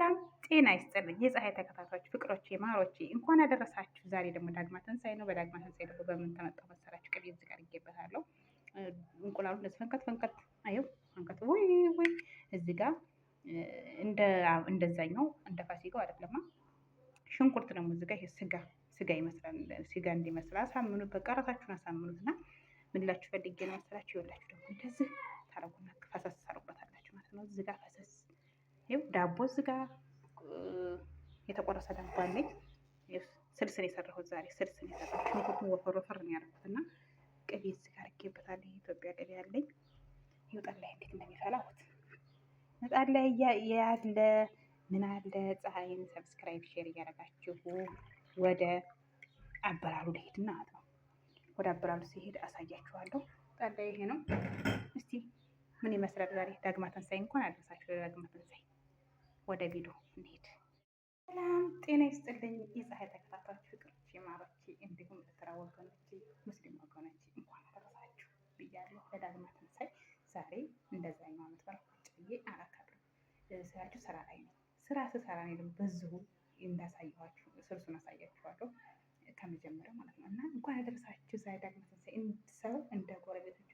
ሰላም ጤና ይስጥልኝ የፀሐይ ተከታታዮች ፍቅሮች ማሮች እንኳን ያደረሳችሁ። ዛሬ ደግሞ ዳግማ ትንሳኤ ነው። በዳግማ ትንሳኤ ደግሞ በምን ተመጣሁ መሰላችሁ? ቅቤ እዚህ ጋር ይገበታለሁ። እንቁላሉ እንደዚህ ፈንከት ፈንከት አየው ፈንከት ወይ ወይ እዚህ ጋር እንደ እንደዛኛው እንደ ፋሲካው አይደለማ። ሽንኩርት ደግሞ እዚህ ጋር ይሄ ስጋ ስጋ ይመስላል። ስጋ እንዲመስል አሳምኑት፣ በቃ ራሳችሁን አሳምኑት። እና ምን ላችሁ ፈልጌ ነው መሰላችሁ? ይወላችሁ ደግሞ እንደዚህ ታረጉና ፈሰስ ታረጉበታላችሁ ማለት ነው። እዚህ ጋር ፈሰስ ይኸው ዳቦ እዚጋ የተቆረሰ ዳቦ አለኝ። ስልስን የሰራሁት ዛሬ ስልስን የሰራሁት ሽንኩርቱን ወፈር ወፈር ነው ያደረኩት እና ቅቤ እዚጋ አድርጌበታለሁ። የኢትዮጵያ ቅቤ አለኝ። ይኸው ጠላይ እንዴት እንደሚፈላሁት ምጣድ ላይ ያለ ምን አለ ፀሐይን ሰብስክራይብ ሼር እያደረጋችሁ ወደ አበላሉ ልሄድና ማለት ነው። ወደ አበላሉ ሲሄድ አሳያችኋለሁ። ምጣድ ላይ ይሄ ነው። እስቲ ምን ይመስላል ዛሬ ዳግማ ትንሳኤ እንኳን አደረሳችሁ። ዳግማ ወደ ቪዲዮ እንሄድ። ሰላም ጤና ይስጥልኝ የፀሐይ ተከታታዮች ፍቅሮች፣ የማሮች እንዲሁም ኤርትራ ወገኖች፣ ሙስሊም ወገኖች እንኳን አደረሳችሁ ብያለሁ። ለዳግማ ትንሳኤ ዛሬ እንደዛ ሃይማኖት ጋር ጭዬ አላከብርም ስራችሁ ስራ ላይ ነው። ስራ ስሰራ ነው ደግሞ በዚሁ እንዳሳየኋችሁ ስልሱን አሳያችኋለሁ ከመጀመሪያው ማለት ነው። እና እንኳን አደረሳችሁ ዛሬ ዳግማ ትንሳኤ ሰው እንደ ጎረቤቶቹ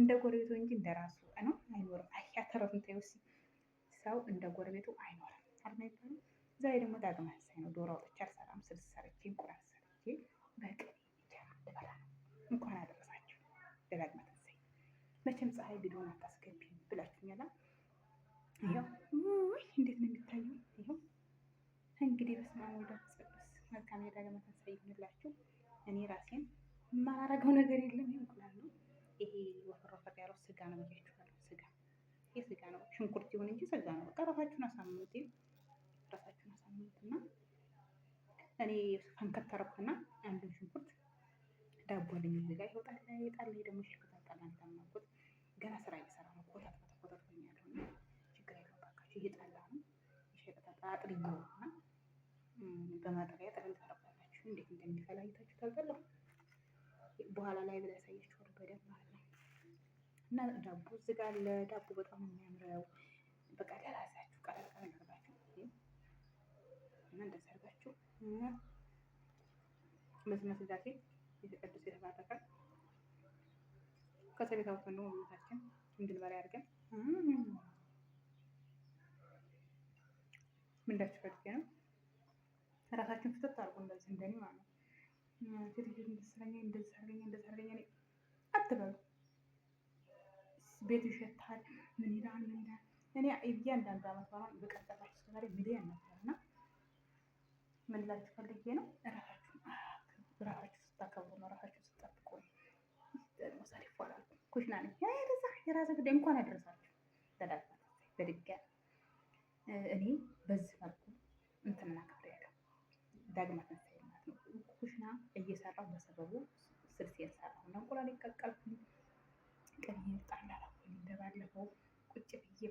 እንደ ጎረቤቶ እንጂ እንደ ራሱ ነው አይኖርም። አያ ተረፍንተ ይወስድ ሰው እንደ ጎረቤቱ አይኖርም አይደል የሚባለው። ዛሬ ደግሞ ዳግም ትንሳኤ ነው። ዶሮ አውጥቼ አልሰራም፣ ስልስ ሰርቼ፣ እንቁላል ሰርቼ በቅቤ እንጀራ ልበላ ነው። እንኳን አደረሳችሁ ለዳግም ትንሳኤ። መቼም ፀሐይ ቪዲዮን አታስገቢም ብላችሁኛል። ይኸው እንዴት ነው የሚታየው? ይኸው እንግዲህ በስመ አብ ወወልድ ወመንፈስ ቅዱስ። መልካም የዳግም ትንሳኤ ይሁንላችሁ። እኔ ራሴን የማላረገው ነገር የለም። እንቁላል ነው ይሄ ወፈር ወፈር ያለው ስጋ ነው። ሽንኩርት ይሁን እንጂ ስጋ ነው። በቃ ራሳችሁን አሳምኑት፣ ራሳችሁን አሳምኑትና እኔ ፈንከት አንዱን ሽንኩርት ዳቦ ልኝ ይዘጋጅ ይወጣል። ይጣል ላይ ደግሞ ሽንኩርት አጣላን ታማቁት ገና ስራ እየሰራ ነው። ቆጣት ቆጣት ችግር ነው በማጠሪያ ጥሪ ታረጋላችሁ። እንዴት እንደሚፈላ አይታችሁ ታውቃላችሁ። በኋላ ላይ ብላ ያሳያችኋል በደንብ እና ዳቦ እዚህ ጋር አለ። ዳቦ በጣም የሚያምረው በቃ ለራሳችሁ ቀለል ቀለል አድርጋችሁ እና እንደዛ አድርጋችሁ እና በዚህ መስላሴ የተቀደሰ የተባረከ ከሰቤት አውጥተን ደግሞ ቤታችን እንድንበላ ያድርገን። ምንዳችሁ ፈልጌ ነው። ራሳችሁን ፍትት አድርጉ። እንደዚህ እንደኔ ማለት ነው። ሴትዮች እንደዚህ አድርገኝ እንደዚህ አድርገኝ እንደዚህ አድርገኝ አትበሉ። ቤት ይሸታል። ምን ይላል ምን ይላል። እኔ እያንዳንዱ አመት በዓል በቀጠላችሁ ዛሬ ሚሊዮን ነበር እና ምን ላችሁ ፈልጌ ነው ራሳችሁ ራሳችሁ ስታከብሩ ነው ራሳችሁ ስጠብቁ ነው። ይባላል ኩሽና ነ ያዛ የራዘ ጉዳይ እንኳን ያደረሳችሁ ተዳታ በድጋ እኔ በዚህ መልኩ እንትን እናከብር ያለ ዳግማ ትንሣኤ ማለት ነው። ኩሽና እየሰራሁ በሰበቡ ስልስ እየሰራሁ ነው። እንቁላል ይቀቀልኩኝ ፍቅር ይመጣል አላልኩም። እንደባለፈው ቁጭ ብዬ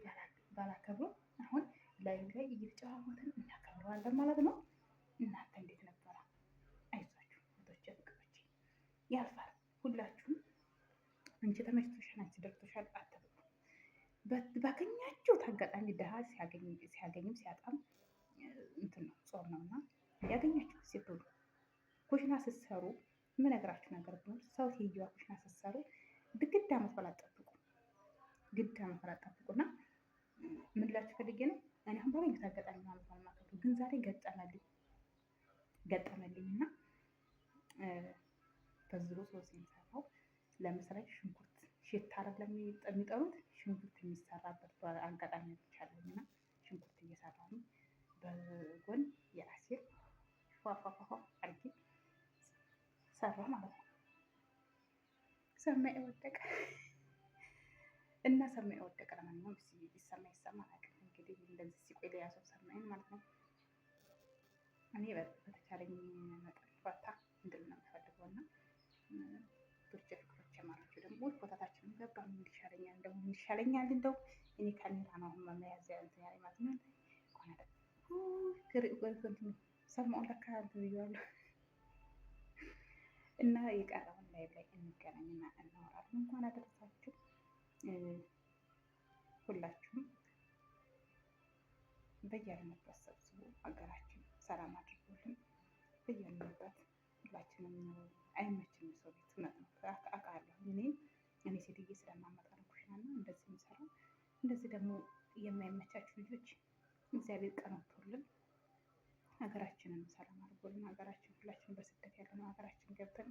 ባላከብሩ አሁን ላይ ላይ እየተጨዋወትን እናከብረዋለን ማለት ነው። እናንተ እንዴት ነበረ? አይዟችሁ ወዳጆቼ፣ ፍቅሮች ያልፋል። ሁላችሁም አንቺ ተመችቶሻል፣ አንቺ ደርሶሻል አትበሉ። ባገኛችሁት አጋጣሚ ድሃ ሲያገኝም ሲያጣም እንትን ነው ጾም ነው እና ያገኛችሁ ሴት ብሉ። ኩሽና ስትሰሩ የምነግራችሁ ነገር ቢሆን ሰው ትይዩዋ ኩሽና ስትሰሩ ግድ ዓመት በላ ጠብቁ፣ ግድ ዓመት እና ምን ላችሁ ፈልጌ ነው እኔ አሁን ባገኘሁት አጋጣሚ ማለት ነው ግን ዛሬ ገጠመልኝ ገጠመልኝ እና በዝሮ ሶስ የሚሰራው ለመስራት ሽንኩርት ሽታ አይደለም የሚጠሩት ሽንኩርት የሚሰራበት አጋጣሚ ብቻለኝ እና ሽንኩርት እየሰራ ነው በጎን የአሲር ፏፏፏፏ አርጌ ሰራ ማለት ነው። ሰማይ ወደቀ እና ሰማይ ወደቀ ለማንኛውም እስኪ ሰማይ ይሰማ አላውቅም። እንግዲህ እንደዚህ ሲቆይ ለያዘው ሰማይን ማለት ነው። እኔ በተቻለኝ መጠን ፈታ እንድል ነው የምፈልገው እና ብርጭ ፍቅሮች የማላቸው ደግሞ ቦታታችንም ገባ ይሻለኛል፣ እንደው ይሻለኛል፣ እንደው እኔ ካሜራ ነው መያዝ እንትን ያለ ማለት ነው። ሰማውን ለካ ብያለሁ እና የቀረውን ላይቭ ላይ እንገናኝና እናወራለን። እንኳን አደረሳችሁ ሁላችሁም በያልንበት ሰብስቦ ሀገራችን ሰላም አድርጎልን በያልንበት ሁላችንም አይመችም ሰው ቤት እውነት ነው አውቃለሁ። እኔ እኔ ሴትዬ ስለማመጣ ነው ኩሽና እንደዚህ የሚሰራ እንደዚህ ደግሞ የማይመቻችሁ ልጆች እግዚአብሔር ቀኖቶልን ሀገራችንን ሰላም አድርጎልን ሀገራችን ሁላችን በስደት ያለ ነው ሀገራችን ገብተን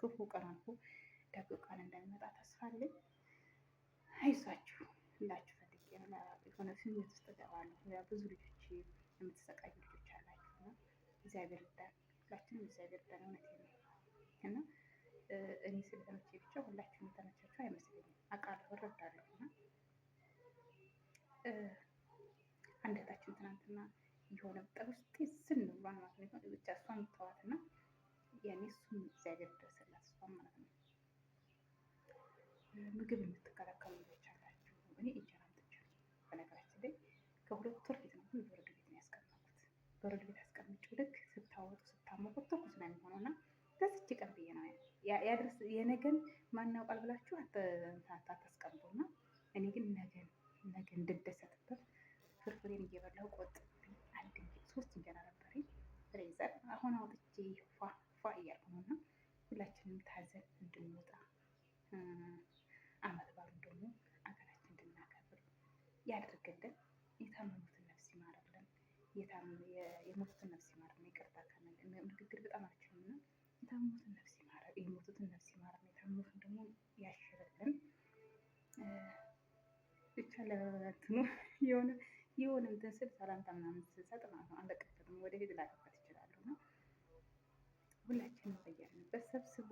ክፉ ቀን አልፎ ደግ ቀን እንደሚመጣ ተስፋ አለኝ። አይዟችሁ ሁላችሁ ፈልጌ የሆነ ስሜት ውስጥ እገባለሁ። ብዙ ልጆች የምትሰቃዩ ልጆች አላችሁ እና እግዚአብሔር ይርዳን፣ ሁላችንም እግዚአብሔር ይርዳን። እውነቴን ነው እና እኔ ስለተመቸኝ ምግብ የምትከላከሉ ልጆች አላችሁ። እኔ እንጀራ አምጥቻለሁ። በነገራችን ላይ ከሁለት ወር ፊት ነው በረዶ ቤት ነው ያስቀመጥኩት። በረዶ ቤት አስቀምጬው ልክ ስታወጡ ስታሞቁት ትኩስ ነው የሚሆነው እና ለዚች ቀን ብዬ ነው ያድርስ። የነገን ማን ያውቃል ብላችሁ አታስቀምጡ እና እኔ ግን ነገን ነገን እንድደሰትበት ፍርፍሬን እየበላሁ ቆጥ አንድ ሶስት እንጀራ ነበረኝ ፍሬዘር አሁን አውጥቼ ፏ ፏ እያልኩ ነው እና ሁላችንም ታዘን እንድንወጣ ያድርግልን። የታመሙትን ነፍስ ይማርልን። የሞቱትን ነፍስ ይማርልን። ይቅርታ ንግግር በጣም አልችልም እና የታመሙትን ነፍስ ይማርልን። የሞቱትን ነፍስ ይማርልን። የታመሙትን ደግሞ ያሽርልን። ብቻ ለመብላት ነው የሆነ የሆነ እንትን ስል ሰላምታ ምናምን ስንሰጥ ማለት ነው አለቀበትም ወደፊት ላደርጋት ይችላሉ እና ሁላችንም በያለንበት ሰብስቦ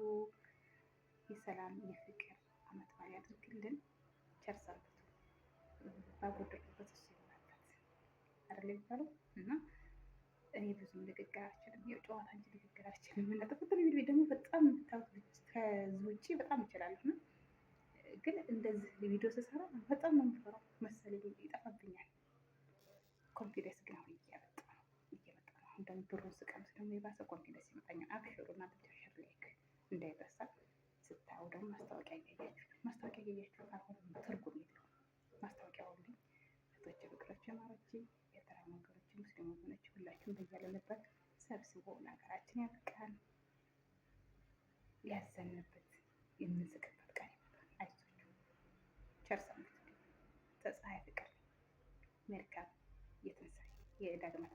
የሰላም የፍቅር አመት በዓል ያድርግልን። ቸር ሰንብቱ። ባጎደልኩበት እሱ ይሞላበት አይደለ የሚባለው እና እኔ ብዙም ንግግር አልችልም። ያው ጨዋታ እንጂ ንግግር አልችልም። እና ተፈጥሮ ቪዲዮ ደግሞ በጣም የምታውቁ ከዚህ ውጭ በጣም እችላለሁ እና ግን እንደዚህ ቪዲዮ ስሰራ በጣም ነው የምፈራው መሰለኝ ይጠፋብኛል። ኮንፊደንስ ግን አሁን እየመጣ ነው እየመጣ ነው። አሁን ደግሞ ብሩን ስቀምስ ደግሞ የባሰ ኮንፊደንስ ይመጣኛል። አብሽሩ እናንተ ሸር ላይክ እንዳይረሳ ስታዩ ደግሞ ማስታወቂያ እያያችሁ ማስታወቂያ እያያችሁ ካልሆነ ትርጉም የለውም። ያስተማረችን የጥራ ነገሮችን ሙስሊም ወገኖች ሁላችሁም በያለንበት ሰብስቦ ለሀገራችን ያብቃን፣ ያዘንበት የምንስቅበት ቀን ይመጣል። አይዟችሁ፣ ተፀሐይ ፍቅር መልካም የትንሣኤ የዳግም